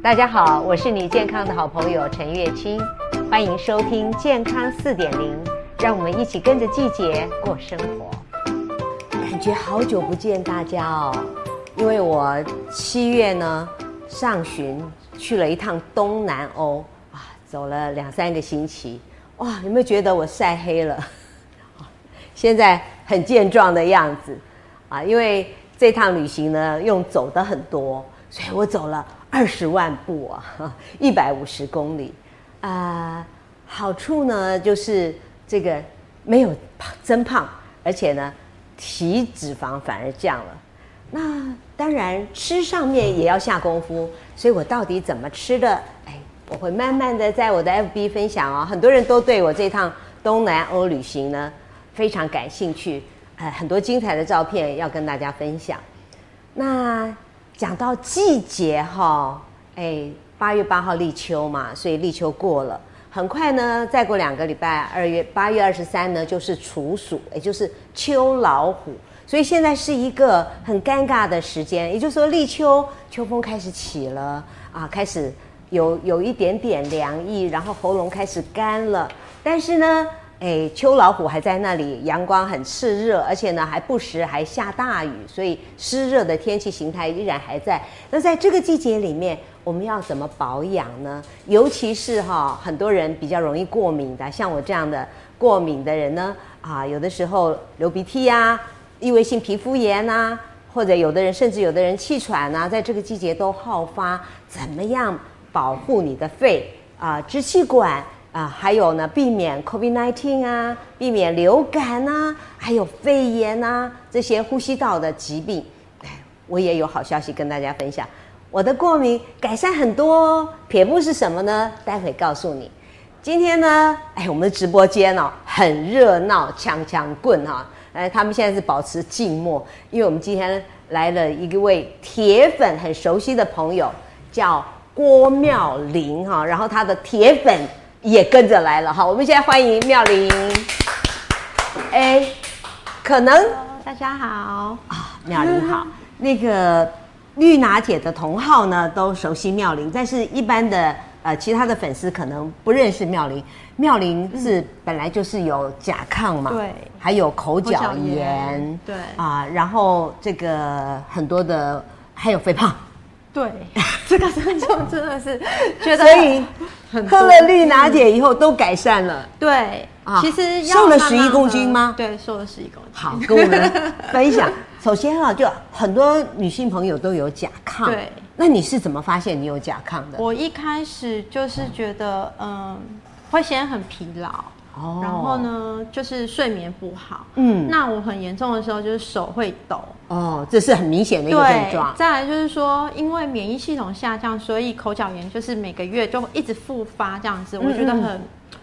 大家好，我是你健康的好朋友陳月卿，歡迎收聽《健康4.0》，讓我們一起跟着季節過生活。感覺好久不見大家哦，因為我七月呢上旬去了一趟東南歐，啊，走了兩三個星期，哇、啊，有沒有覺得我曬黑了？現在很健壯的樣子，啊，因為這趟旅行呢用走的很多，所以我走了。二十萬步啊，一百五十公里，啊、呃，好處呢就是這個沒有增胖，而且呢體脂肪反而降了。那當然吃上面也要下功夫，所以我到底怎麼吃的？哎，我會慢慢的在我的 FB 分享哦。很多人都對我這趟東南歐旅行呢非常感興趣、呃，很多精彩的照片要跟大家分享。那。講到季節哈，哎、哦，八月八號立秋嘛，所以立秋過了，很快呢，再過兩個禮拜，二月八月二十三呢就是處暑，也就是秋老虎，所以現在是一個很尷尬的時間，也就是說立秋，秋風開始起了啊，開始有有一點點涼意，然後喉嚨開始乾了，但是呢。哎，秋老虎還在那裡，陽光很熾熱，而且呢還不時還下大雨，所以濕熱的天氣形態依然還在。那在這個季節裡面，我們要怎麼保養呢？尤其是哈，很多人比較容易過敏的，像我這樣的過敏的人呢，啊，有的時候流鼻涕呀、啊，異位性皮膚炎吶、啊，或者有的人甚至有的人氣喘呐、啊，在這個季節都好發。怎麼樣保護你的肺啊，支氣管？啊、呃，還有呢，避免 COVID-19 啊，避免流感啊，還有肺炎啊，這些呼吸道的疾病。哎，我也有好消息跟大家分享，我的過敏改善很多哦。撇步是什麼呢？待會告訴你。今天呢，哎，我們的直播間哦很熱鬧，強強滾哈。哎、呃，他們現在是保持靜默，因為我們今天來了一位鐵粉很熟悉的朋友，叫郭妙玲哈。然後他的鐵粉。也跟着來了哈，我們現在歡迎妙玲。哎、欸，可能 Hello, 大家好啊，妙玲好。 那個綠拿鐵的同好呢，都熟悉妙玲，但是一般的呃其他的粉絲可能不認識妙玲。妙玲是、嗯、本來就是有甲亢嘛，對，還有口角炎，對，啊，然後這個很多的還有肥胖。對，這個時候真的是覺得很多，所以喝了綠拿鐵以後都改善了。對、啊，其實要瘦了十一公斤嗎？對，瘦了十一公斤。好，跟我們分享。 首先啊，就很多女性朋友都有甲亢。對，那你是怎麼發現你有甲亢的？我一開始就是覺得，嗯，嗯會顯得很疲勞。哦、然後呢，就是睡眠不好。嗯，那我很嚴重的時候，就是手會抖。哦，這是很明顯的一個症狀。再來就是說，因為免疫系統下降，所以口角炎就是每個月就一直復發這樣子，我覺得很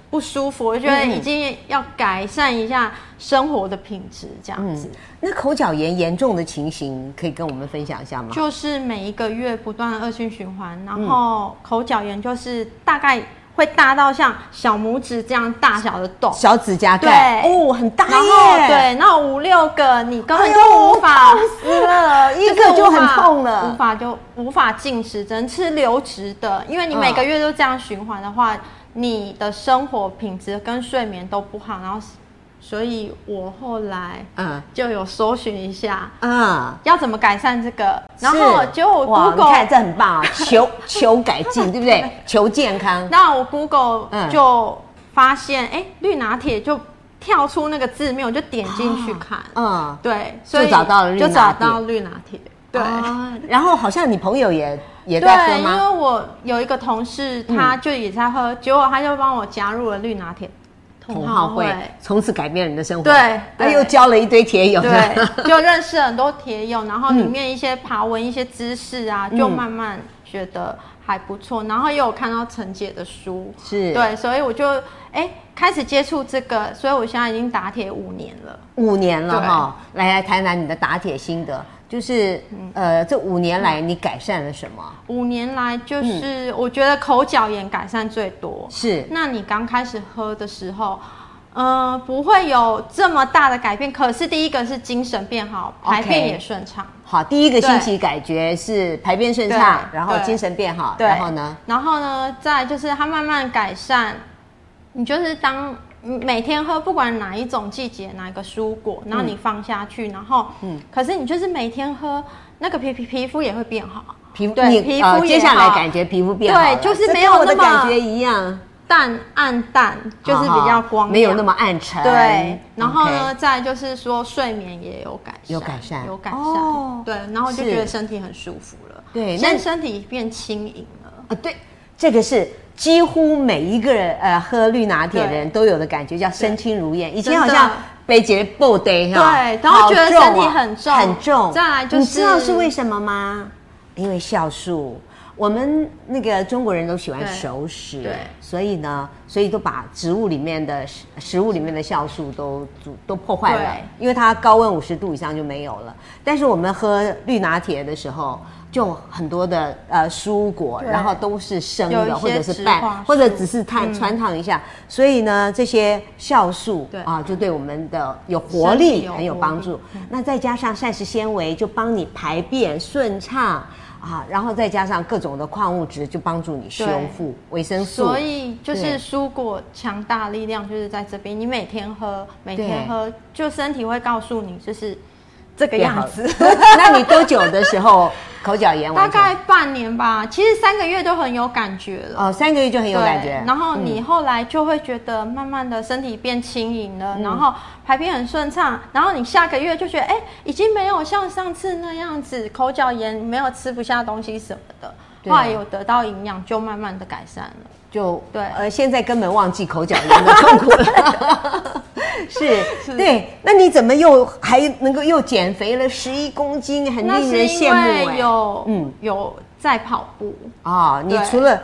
不舒服、嗯。我覺得已經要改善一下生活的品質這樣子、嗯。那口角炎嚴重的情形可以跟我們分享一下嗎？就是每一個月不斷的惡性循環，然後口角炎就是大概。會大到像小拇指這樣大小的洞，小指甲蓋，對，哦，很大。然後對，那五六個你根本就無法，哎、死了、這個，一個就很痛了，無法就無法進食，只能吃流質的，因為你每個月都這樣循環的話，嗯、你的生活品質跟睡眠都不好，然後。所以我後來嗯就有搜尋一下啊、嗯嗯，要怎麼改善這個，然後結果 Google 哇，看這很棒啊！ 求求改進 對不對？求健康。那我 Google 嗯就發現哎、嗯欸，綠拿鐵就跳出那個字面，我就點進去看，嗯、哦，對所以就，就找到了綠拿鐵。就找到綠拿鐵，對、啊。然後好像你朋友也也在喝嗎？對，因為我有一個同事，他就也在喝，嗯，結果他就幫我加入了綠拿鐵。同好會，同好會從此改變人的生活，對，他又交了一堆鐵友，對， 就認識了很多鐵友，然後裡面一些爬文、一些知識啊、嗯，就慢慢覺得還不錯，然後又有看到陳姐的書，是對，所以我就哎開始接觸這個，所以我現在已經打鐵五年了，五年了哈、哦，來來談談你的打鐵心得。就是呃，這五年來你改善了什麼？嗯、五年來就是我覺得口角炎改善最多、嗯。是，那你剛開始喝的時候，呃，不會有這麼大的改變。可是第一個是精神變好，排便也順暢。Okay, 好，第一個星期感覺是排便順暢，然後精神變好，然後呢？然後呢？再就是它慢慢改善，你就是當。每天喝，不管哪一種季節，哪一個蔬果，然後你放下去、嗯，然後，嗯，可是你就是每天喝，那個皮皮皮膚也會變好，皮膚你皮膚也好，接下來感覺皮膚變好，對，就是沒有那麼感覺一樣，淡暗淡就是比較光哦哦，沒有那麼暗沉，對。然後呢，okay. 再就是說睡眠也有改善，有改善，有改善，哦、對，然後就覺得身體很舒服了，對，那身體變輕盈了啊、哦，對，這個是。幾乎每一個人呃喝綠拿鐵的人都有的感覺叫身輕如燕，以前好像背著布袋，對，然後、啊、覺得身體很重很重，再來就是你知道是為什麼嗎？因為酵素，我們那個中國人都喜歡熟食，對，對所以呢，所以都把植物裡面的食食物裡面的酵素都都破壞了，因為它高溫五十度以上就沒有了。但是我們喝綠拿鐵的時候。就很多的呃蔬果，然後都是生的，或者是拌，或者只是汆、嗯、燙一下。所以呢，這些酵素、嗯、啊，就對我們的有活力，有活力很有幫助、嗯。那再加上膳食纖維，就幫你排便、嗯、順暢啊。然後再加上各種的礦物質，就幫助你修復維生素。所以就是蔬果強大力量就是在這邊，你每天喝，每天喝，就身體會告訴你就是。這個樣子， 那你多久的時候 口角炎？大概半年吧，其實三個月都很有感覺了。哦，三個月就很有感覺。然後你後來就會覺得，慢慢的身體變輕盈了、嗯，然後排便很順暢。然後你下個月就覺得，哎，已經沒有像上次那樣子口角炎，沒有吃不下東西什麼的，啊、後來有得到營養，就慢慢的改善了。就對，呃，現在根本忘記口角炎的痛苦了 是。是，對。那你怎麼又還能夠又減肥了十一公斤，很令人羨慕哎。有，嗯，有在跑步啊、嗯哦。你除了，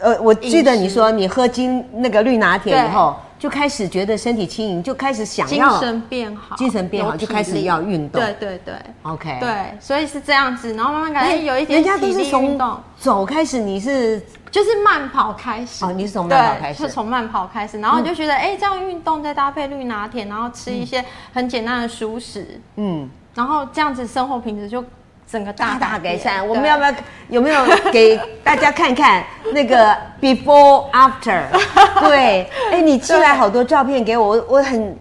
呃，我記得你說你喝金那個綠拿鐵以後，就開始覺得身體輕盈，就開始想要精神變好，精神變好就開始要運動。對對對，對，OK，對，所以是這樣子，然後慢慢感覺有一點動、欸，人家都是從走開始你是。就是慢跑開始啊、哦，你是從慢跑開始，就從慢跑開始，然後你就覺得，哎、嗯欸，這樣運動再搭配綠拿鐵，然後吃一些很簡單的蔬食，嗯，然後這樣子生活品質就整個大大改善。我們要不要有沒有給大家看看那個 before after？對，哎、欸，你寄來好多照片給我，我我很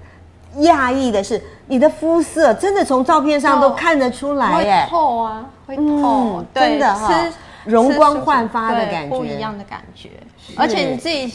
訝異的是，你的膚色真的從照片上都看得出來耶，哎、哦，透啊，會透、嗯，真的哈、哦。容光煥發的感覺，不一樣的感覺，而且你自己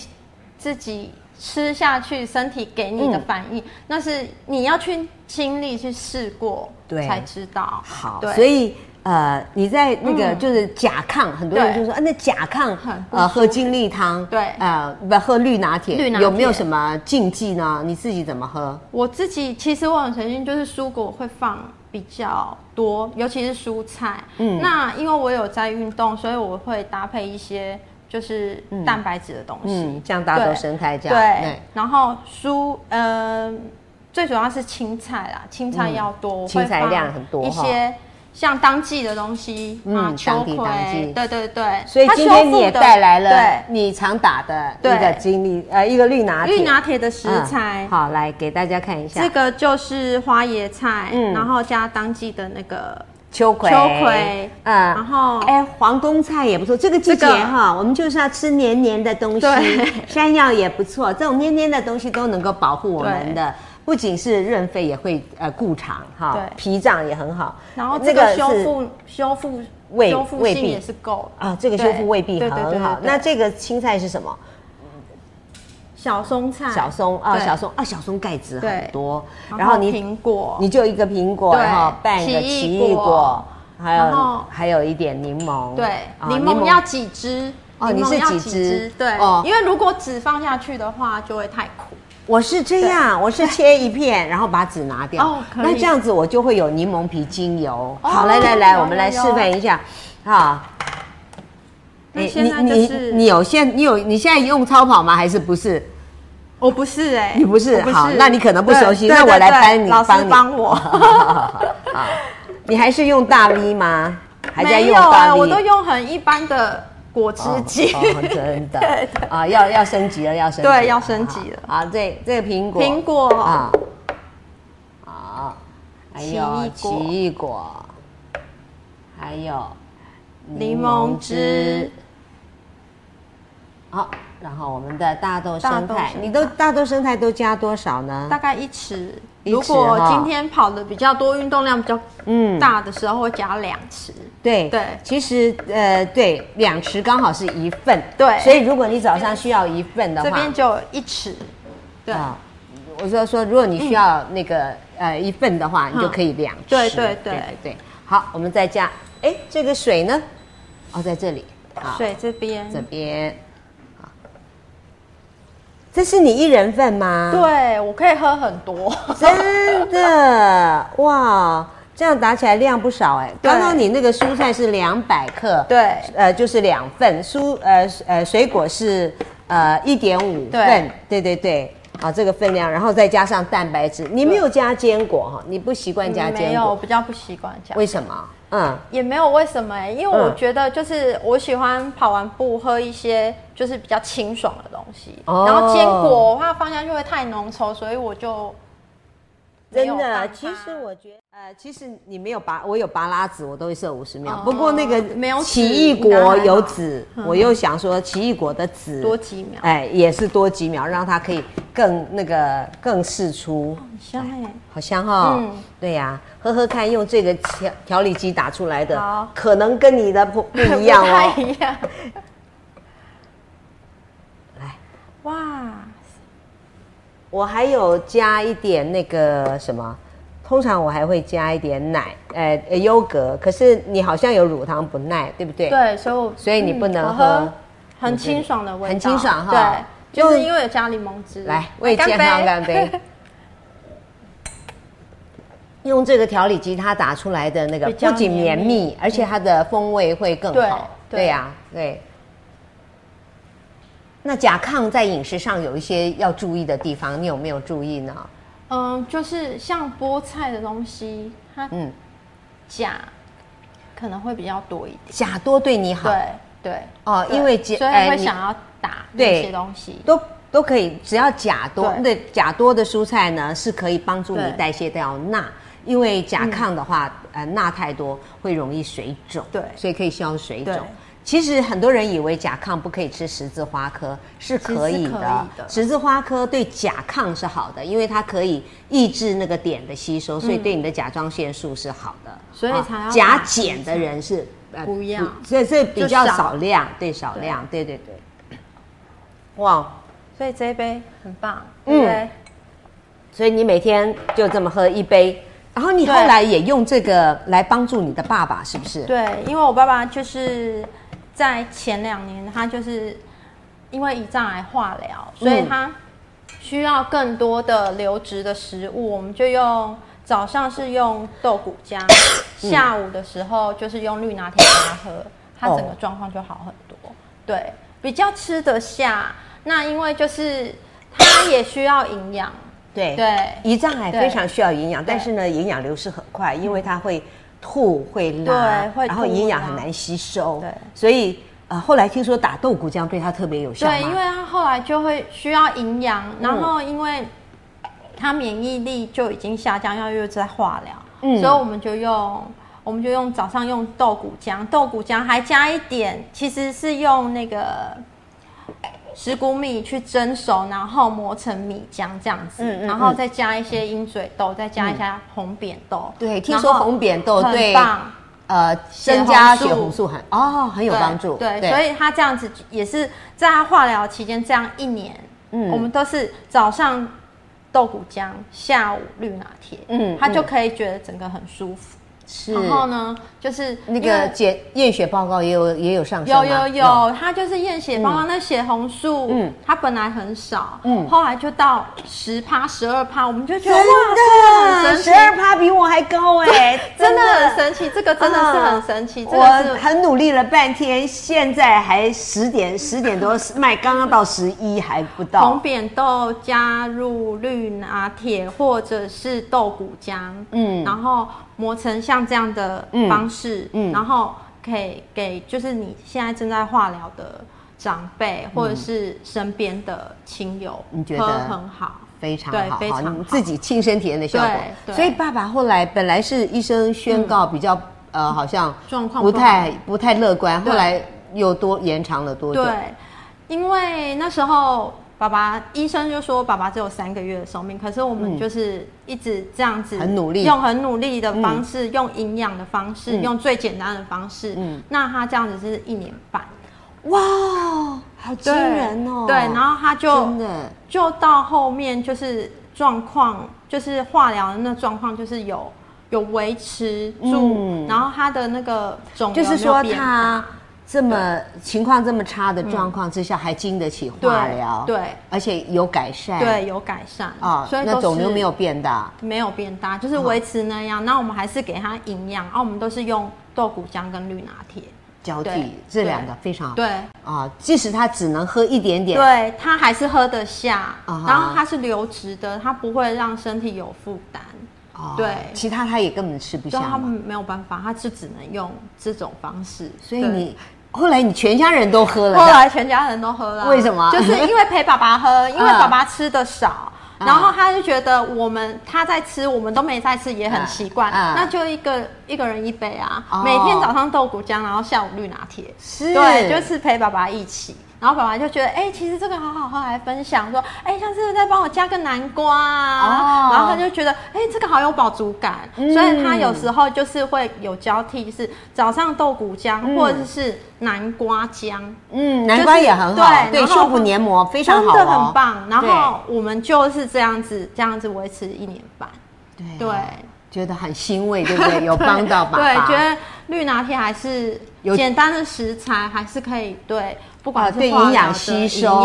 自己吃下去，身體給你的反應。嗯、那是你要去經歷去試過，對，才知道。好，所以。呃，你在那個就是甲亢、嗯，很多人就說啊，那甲亢、呃、喝精力湯，對，呃不喝綠拿鐵，有沒有什麼禁忌呢？你自己怎麼喝？我自己其實我很相信，就是蔬果會放比較多，尤其是蔬菜。嗯，那因為我有在運動，所以我會搭配一些就是蛋白質的東西，嗯，這、嗯、樣大家都升開，這樣對，對。然後蔬，嗯、呃，最主要是青菜啦，青菜要多，青菜量很多一些。像當季的東西，啊、嗯，秋葵，對對對，所以今天你也帶來了你常打的那個經歷，呃，一個綠拿綠拿鐵的食材。嗯、好，來給大家看一下，這個就是花椰菜，嗯，然後加當季的那個秋葵，秋葵，秋葵，嗯，然後哎，皇宮菜也不錯，這個季節哈、這個，我們就是要吃黏黏的東西，對，山藥也不錯，這種黏黏的東西都能夠保護我們的。不僅是潤肺，也會呃固腸哈，脾、喔、臟也很好。然後這個修復、這個、修復胃修復性也是夠啊，這個修復胃壁很好對對對對對對對。那這個青菜是什麼？小松菜，小松,、哦、小松啊，小松啊，小松鈣質很多。然後你蘋果，你就一個蘋果對，然後半個奇異果，還有還有一點檸檬。對，檸檬要幾只哦,哦，你是幾只對，哦，因為如果籽放下去的話，就會太苦。我是這樣，我是切一片，然後把籽拿掉。哦。那這樣子我就會有檸檬皮精油。哦、好、哦，來來來，我們來示範一下。啊，好，就是，你你你你有現你有你現在用超跑嗎？還是不是？我不是哎、欸。你不是，不是好，那你可能不熟悉。那我來幫你，對對對，幫你幫我 好好。你還是用大 V 嗎？還在用大 V？啊、我都用很一般的。果汁機、哦哦，真的對對對啊，要要升級了，要升級了，對，要升級了啊！這個、這個蘋果，蘋果啊，好，還有奇異果，還有檸檬汁，好。啊然後我們的大豆生態，生態你都大豆生態都加多少呢？大概一匙。哦。如果今天跑的比較多，運動量比較大的時候，會加兩匙。對對。其實呃，對，兩匙剛好是一份。對。所以如果你早上需要一份的話，這邊就一匙。對啊。哦。我就說，說，如果你需要那個、嗯、呃一份的話，你就可以兩匙，嗯、對對對，對對對。好，我們再加。哎，這個水呢？哦，在這裡。哦、水這邊，這邊。這是你一人份嗎？對，我可以喝很多， 真的哇，這樣打起來量不少哎。剛剛你那個蔬菜是兩百克？對，呃，就是兩份蔬，呃呃，水果是呃一點五份對，對對對，啊，這個分量，然後再加上蛋白質，你沒有加堅果哈，哦，你不習慣加堅果，沒有，我比較不習慣加，為什麼？嗯，也沒有為什麼欸，因為我覺得就是我喜歡跑完步喝一些就是比較清爽的東西，哦，然後堅果的話放下去會太濃稠，所以我就。真的，其實我覺得，呃，其實你沒有拔，我有拔拉籽，我都會設五十秒，哦。不過那個沒有奇異果有籽，有籽，有籽，嗯，我又想說奇異果的籽多幾秒，哎，也是多幾秒，讓它可以更那個更釋出，哦，很香。好香哎，好香哈。嗯，對呀，啊，喝喝看，用這個調調理機打出來的，可能跟你的不不一樣哦。不太一樣 來，哇。我還有加一點那個什麼，通常我還會加一點奶，呃呃，優格。可是你好像有乳糖不耐，對不對？對，所以所以你不能喝，嗯、喝很清爽的味道，嗯、很清爽哈。對，就是因為有加檸檬汁。來，為健康乾杯！乾杯 用這個調理機，它打出來的那個不僅綿密、嗯，而且它的風味會更好。對呀，對。對啊對那甲亢在飲食上有一些要注意的地方，你有沒有注意呢？嗯，就是像菠菜的東西，它嗯，鉀可能會比較多一點，鉀多對你好，對對哦、呃，因為鉀所以會想要打那些東西、欸、都都可以，只要鉀多的鉀多的蔬菜呢是可以幫助你代謝掉鈉，因為甲亢的話，呃，鈉太多會容易水腫，對，所以可以消水腫。其實很多人以為甲亢不可以吃十字花科，是可以的。十字，十字花科對甲亢是好的，因為它可以抑制那個碘的吸收，嗯，所以對你的甲狀腺素是好的。所以才要甲減的人是不一樣，不，所以所以比較少、少、少量，對少量，對對對。哇！所以這一杯很棒，嗯，所以你每天就這麼喝一杯，然後你後來也用這個來幫助你的爸爸，是不是？對，因為我爸爸就是。在前兩年，他就是因為胰臟癌化療、嗯，所以他需要更多的流質的食物。我們就用早上是用豆穀漿、嗯，下午的時候就是用綠拿鐵給他喝，他整個狀況就好很多、哦。對，比較吃得下。那因為就是他也需要營養，對對，胰臟癌非常需要營養，但是呢，營養流失很快，因為它會。吐會拉，會然後營養很難吸收，對，所以、呃、後來聽說打豆穀漿對他特別有效。對，因為他後來就會需要營養，嗯、然後因為他免疫力就已經下降，要又在化療、嗯，所以我們就用我們就用早上用豆穀漿，豆穀漿還加一點，其實是用那個。石穀米去蒸熟，然後磨成米漿這樣子、嗯嗯，然後再加一些鷹嘴豆、嗯，再加一些紅扁豆。對，聽說紅扁豆對，很棒呃，增加血紅素含哦很有幫助對對。對，所以他這樣子也是在他化療期間這樣一年，嗯，我們都是早上豆穀漿，下午綠拿鐵，嗯，他、嗯、就可以覺得整個很舒服。然後呢，就是那個檢驗血報告也有也有上升，有有有，他就是驗血報告，嗯、那血紅素，嗯，他本來很少，嗯，後來就到十趴十二趴，我們就覺得哇，真的十二趴比我還高哎、欸，真的很神奇，這個真的是很神奇。嗯這個，我很努力了半天，現在還十點十點多，賣剛剛到十一還不到。紅扁豆加入綠拿、啊、鐵或者是豆腐漿，嗯，然後。磨成像這樣的方式，嗯嗯，然後可以給就是你現在正在化療的長輩、嗯、或者是身邊的親友，你覺得很好，好，非常好，你自己親身體驗的效果。所以爸爸後來本來是醫生宣告比較、嗯、呃好像狀況不太不，不太樂觀，後來又多延長了多久？對，因為那時候。爸爸醫生就說，爸爸只有三個月的壽命，可是我們就是一直這樣子、嗯、很努力，用很努力的方式，嗯、用營養的方式、嗯，用最簡單的方式，嗯，那他這樣子是一年半，哇，好驚人哦，對，對。然後他就真的就到後面就是狀況，就是化療的那狀況，就是有有維持住、嗯，然後他的那個腫瘤有沒有變這麼情況這麼差的狀況之下，嗯、還經得起化療。哦？對，而且有改善。對，有改善啊。哦！所以那腫瘤沒有變大，沒有變大，就是維持那樣。哦，那我們還是給他營養啊，我們都是用豆穀漿跟綠拿鐵交替，這兩個非常好。對啊。哦，即使他只能喝一點點，對他還是喝得下。然後它是流質的，它不會讓身體有負擔。哦、對，其他他也根本吃不下，它沒有辦法，他就只能用這種方式。所以你。後來你全家人都喝了。後來全家人都喝了。為什麼？就是因為陪爸爸喝，嗯、因為爸爸吃得少、嗯，然後他就覺得我們他在吃，我們都沒在吃也很奇怪、嗯、那就一個、嗯、一個人一杯啊。哦、每天早上豆穀漿，然後下午綠拿鐵。是。對，就是陪爸爸一起。然後爸爸就覺得，哎、欸，其實這個好好喝。來分享說，哎、欸，下次再幫我加個南瓜、啊哦。然後他就覺得，哎、欸，這個好有飽足感、嗯，所以他有時候就是會有交替，是早上豆骨漿、嗯、或者是南瓜漿。嗯、就是，南瓜也很好，對，然後修復黏膜，非常好，很棒。然後我們就是這樣子，這樣子維持一年半，對對，對，覺得很欣慰，對不對？ 對，有幫到爸爸。對，覺得綠拿鐵還是簡單的食材還是可以，對。不管是、啊、對營養吸收，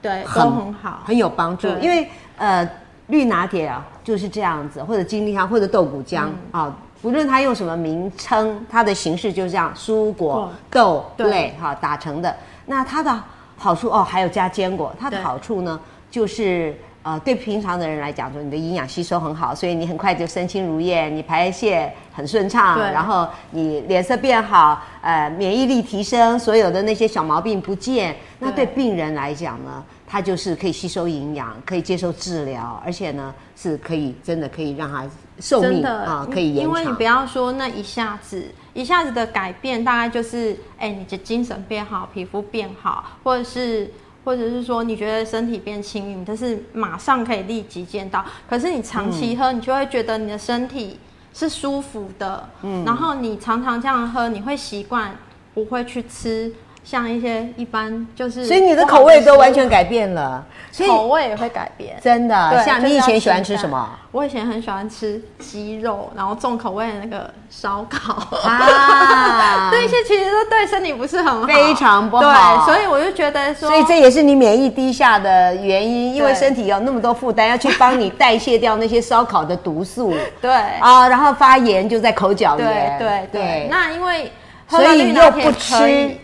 對，很對都很好很，很有幫助。因為呃，綠拿鐵啊就是這樣子，或者精力湯，或者豆穀漿、嗯、啊，不論它用什麼名稱，它的形式就是這樣，蔬、哦、果豆類對，好打成的。那它的好處哦，還有加堅果，它的好處呢就是。啊、呃，對平常的人來講，說你的營養吸收很好，所以你很快就身輕如燕，你排泄很順暢，然後你臉色變好，呃，免疫力提升，所有的那些小毛病不見。那對病人來講呢，他就是可以吸收營養，可以接受治療，而且呢是可以真的可以讓它壽命啊、呃、可以延長。因為你不要說那一下子一下子的改變，大概就是哎，你的精神變好，皮膚變好，或者是。或者是說你覺得身體變輕盈，但是馬上可以立即見到。可是你長期喝，你就會覺得你的身體是舒服的。嗯，然後你常常這樣喝，你會習慣，不會去吃像一些一般就是，所以你的口味都完全改變了，所以口味也會改變，真的、啊。像你以前喜歡吃什麼？我以前很喜歡吃雞肉，然後重口味的那個燒烤。哇、 啊，對，一些其實。對身體不是很好，非常不好。對，所以我就覺得說，所以這也是你免疫低下的原因，因為身體有那麼多負擔要去幫你代謝掉那些燒烤的毒素。 對啊、呃，然後發炎就在口角裡面。對對，對，對，對。那因為那以所以又不吃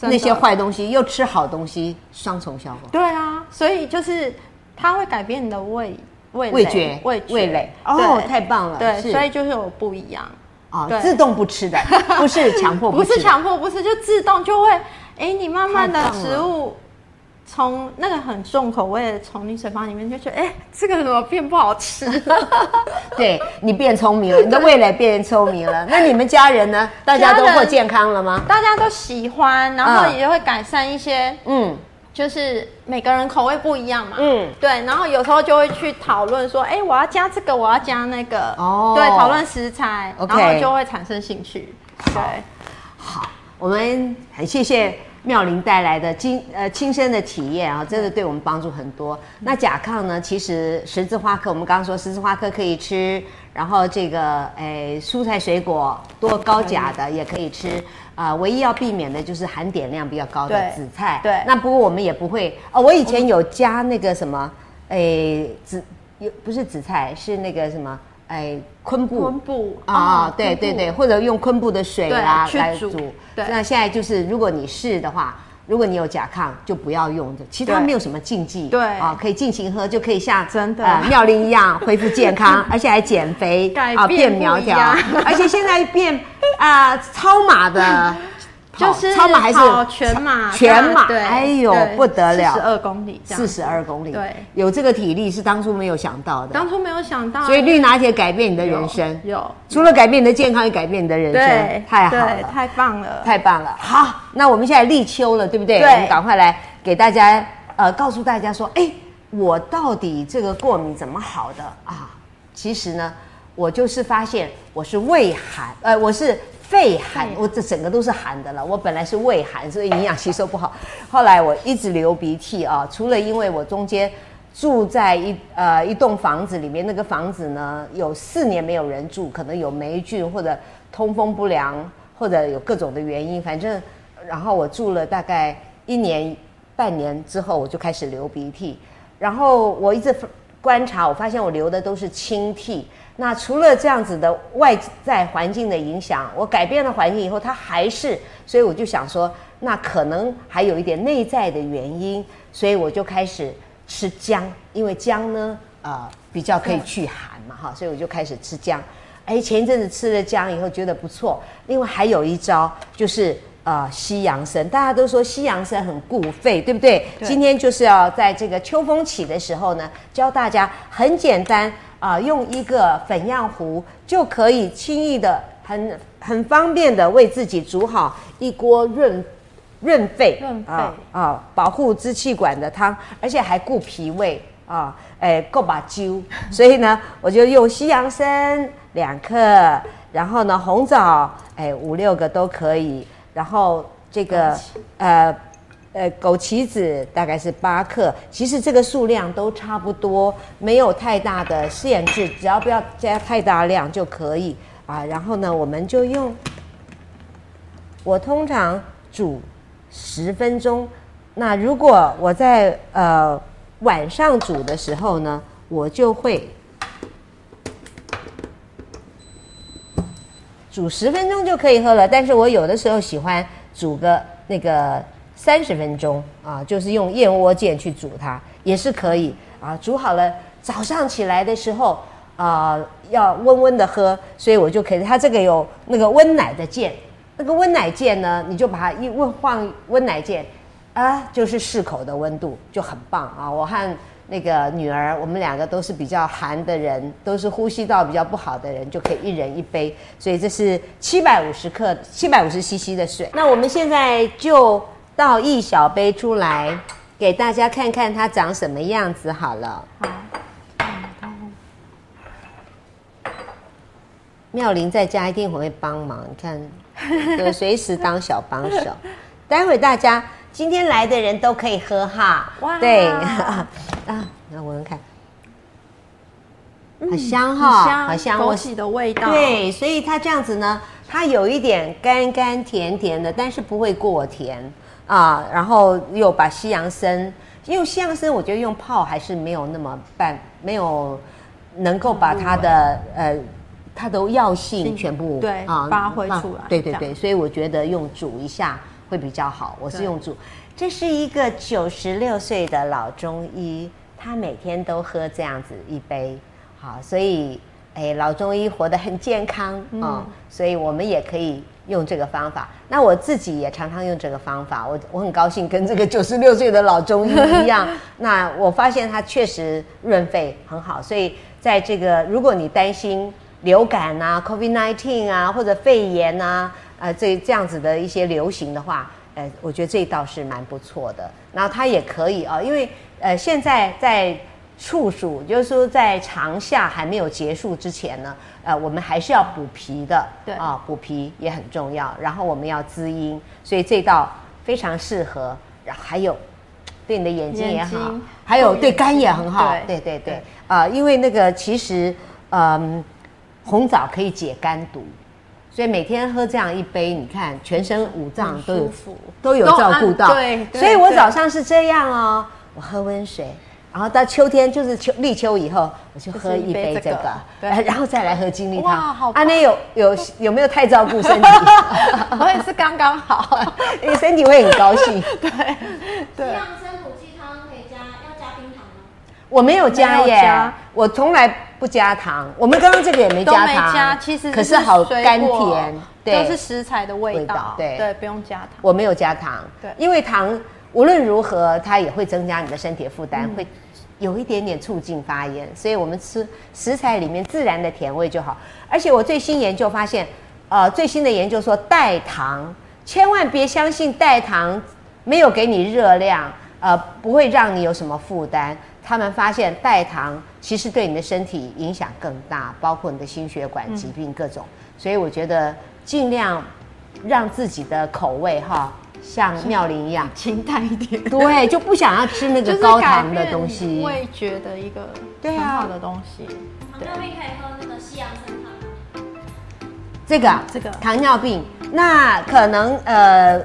那些壞東西，又吃好東西，雙重效果。對啊，所以就是它會改變你的味味味覺味味蕾。哦，太棒了。對，對，所以就是我不一樣。啊、哦，自動不吃的，不是強迫不， 不是強迫不吃，不是就自動就會，哎、欸，你慢慢的食物，從那個很重口味的從你嘴巴裡面就覺得，哎、欸，這個怎麼變不好吃了？對，你變聰明了，你的味蕾變聰明了。那你們家人呢？大家都會健康了嗎？大家都喜歡，然後也會改善一些，嗯。嗯就是每個人口味不一樣嘛，嗯，對，然後有時候就會去討論說，哎、欸，我要加這個，我要加那個，哦，對，討論食材 okay, 然後就會產生興趣，對，好，好，我們很謝謝。妙玲帶來的親呃親身的體驗啊，真的對我們幫助很多。嗯、那甲亢呢？其實十字花科，我們剛剛說十字花科可以吃，然後這個誒、欸、蔬菜水果多高鉀的也可以吃啊、呃。唯一要避免的就是含碘量比較高的紫菜對。對，那不過我們也不會。哦，我以前有加那個什麼誒、欸、紫，有不是紫菜是那個什麼。哎，昆布，昆布啊，啊，啊，昆布對對對，或者用昆布的水啊來煮。那現在就是，如果你是的話，如果你有甲亢，就不要用的，其他沒有什麼禁忌。對。對啊，可以盡情喝，就可以像真的、呃、妙玲一樣恢復健康， 而且還減肥啊變、呃、變苗條，而且現在變啊、呃、超馬的。 就是超馬還是，全馬全馬，全馬對，哎呦對，不得了！四十二公里，四十二公里，對，有這個體力是當初沒有想到的，當初沒有想到。所以綠拿鐵改變你的人生有，有，除了改變你的健康，也改變你的人生。太好了，太棒了，太棒了。好，那我們現在立秋了，對不對，對？我們趕快來給大家，呃，告訴大家說，哎，我到底這個過敏怎麼好的啊？其實呢，我就是發現我是胃寒，呃，我是。肺寒，我這整個都是寒的了。我本來是胃寒，所以營養吸收不好。後來我一直流鼻涕啊，除了因為我中間住在一呃一棟房子裡面，那個房子呢，有四年沒有人住，可能有霉菌或者通風不良或者有各種的原因，反正然後我住了大概一年，半年之後，我就開始流鼻涕，然後我一直。觀察，我發現我流的都是清涕。那除了這樣子的外在環境的影響，我改變了環境以後，它還是，所以我就想說，那可能還有一點內在的原因，所以我就開始吃薑，因為薑呢，呃，比較可以去寒嘛，哈、嗯，所以我就開始吃薑。哎，前一陣子吃了薑以後覺得不錯，另外還有一招就是。啊、呃，西洋參，大家都說西洋參很顧肺，對不對,對？今天就是要在這個秋風起的時候呢，教大家很簡單啊、呃，用一個粉樣壺就可以輕易的、很很方便的為自己煮好一鍋潤潤肺潤肺啊、呃呃，保護支氣管的湯，而且還顧脾胃啊，誒、呃，夠把灸。 所以呢，我就用西洋參兩克，然後呢，紅棗誒、呃，五六個都可以。然後這個呃呃枸杞子，大概是八克，其實這個數量都差不多，沒有太大的限制，只要不要加太大量就可以啊。然後呢，我們就用我通常煮十分鐘。那如果我在呃晚上煮的時候呢，我就會。煮十分鐘就可以喝了，但是我有的時候喜歡煮個那個三十分鐘啊，就是用燕窩鍵去煮它也是可以啊。煮好了，早上起來的時候啊，要溫溫的喝，所以我就可以。它這個有那個溫奶的鍵，那個溫奶鍵呢，你就把它一溫放溫奶鍵，啊，就是適口的溫度就很棒啊。我和那個女兒，我們兩個都是比較寒的人，都是呼吸道比較不好的人，就可以一人一杯。所以這是七百五十克，七百五十 CC 的水。那我們現在就倒一小杯出來，給大家看看它長什麼樣子，好。好了。妙玲在家一定會幫忙，你看，就隨時當小幫手。 待會大家今天來的人都可以喝哈。哇。對。啊，那我聞聞看，好香哈、哦，好、嗯、香枸杞的味道。對，所以它這樣子呢，它有一點甘甘甜甜的，但是不會過甜啊。然後又把西洋參，用西洋參，我覺得用泡還是沒有那麼辦，沒有能夠把它的呃它的藥性全部對啊發揮出來、啊啊。對對對，所以我覺得用煮一下會比較好。我是用煮。這是一個九十六歲的老中醫。他每天都喝這樣子一杯，好，所以，哎，老中醫活得很健康啊，哦，所以我們也可以用這個方法。那我自己也常常用這個方法，我我很高興跟這個九十六歲的老中醫一樣。 那我發現他確實潤肺很好，所以在這個如果你擔心流感啊、COVID-19 啊或者肺炎啊，呃，這這樣子的一些流行的話，呃，我覺得這倒是蠻不錯的。然後他也可以啊，哦，因為。呃，現在在處暑，就是說在長夏還沒有結束之前呢，呃，我們還是要補脾的，對啊、呃，補脾也很重要。然後我們要滋陰，所以這道非常適合。然後還有，對你的眼睛也好，眼睛，還有對肝也很好，對對，對對。啊、呃，因為那個其實，嗯、呃，紅棗可以解肝毒，所以每天喝這樣一杯，你看全身五臟都有都有照顧到，對對，對。所以我早上是這樣哦。我喝溫水，然後到秋天就是秋立秋以後，我就喝一杯這個、就是一杯這個對，然後再來喝精力湯。哇，好、啊有！有有有沒有太照顧身體？ 我也是剛剛好， 因為身體會很高興。對對。西洋蔘土雞湯可以加要加冰糖嗎？我沒有加，加耶，我從來不加糖。我們剛剛這個也沒加糖。加其實是可是好甘甜，都是食材的味道。味道對對，不用加糖。我沒有加糖，對，因為糖。無論如何，它也會增加你的身體負擔、嗯，會有一點點促進發炎。所以我們吃食材裡面自然的甜味就好。而且我最新研究發現，呃，最新的研究說代糖，千萬別相信代糖沒有給你熱量，呃，不會讓你有什麼負擔。他們發現代糖其實對你的身體影響更大，包括你的心血管疾病各種、嗯。所以我覺得盡量讓自己的口味哈。像妙玲一樣清淡一點，對，就不想要吃那個高糖的東西。會覺得一個很好的東西。糖尿病可以喝那個西洋參湯。這個啊，這個糖尿病，那可能呃，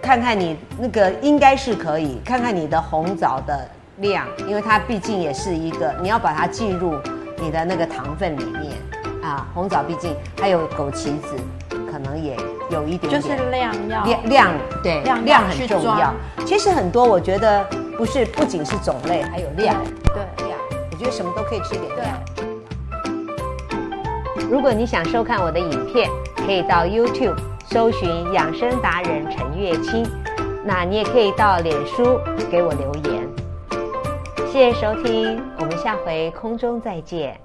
看看你那個應該是可以，看看你的紅棗的量，因為它畢竟也是一個，你要把它進入你的那個糖分裡面啊。紅棗畢竟還有枸杞子，可能也。有一點，點，就是量要量對量對量，量很重要。其實很多，我覺得不是不僅是種類，還有量。嗯、對量，我覺得什麼都可以吃一點。對、啊。如果你想收看我的影片，可以到 YouTube 搜尋“養生達人陳月卿”，那你也可以到臉書給我留言。謝謝收聽，我們下回空中再見。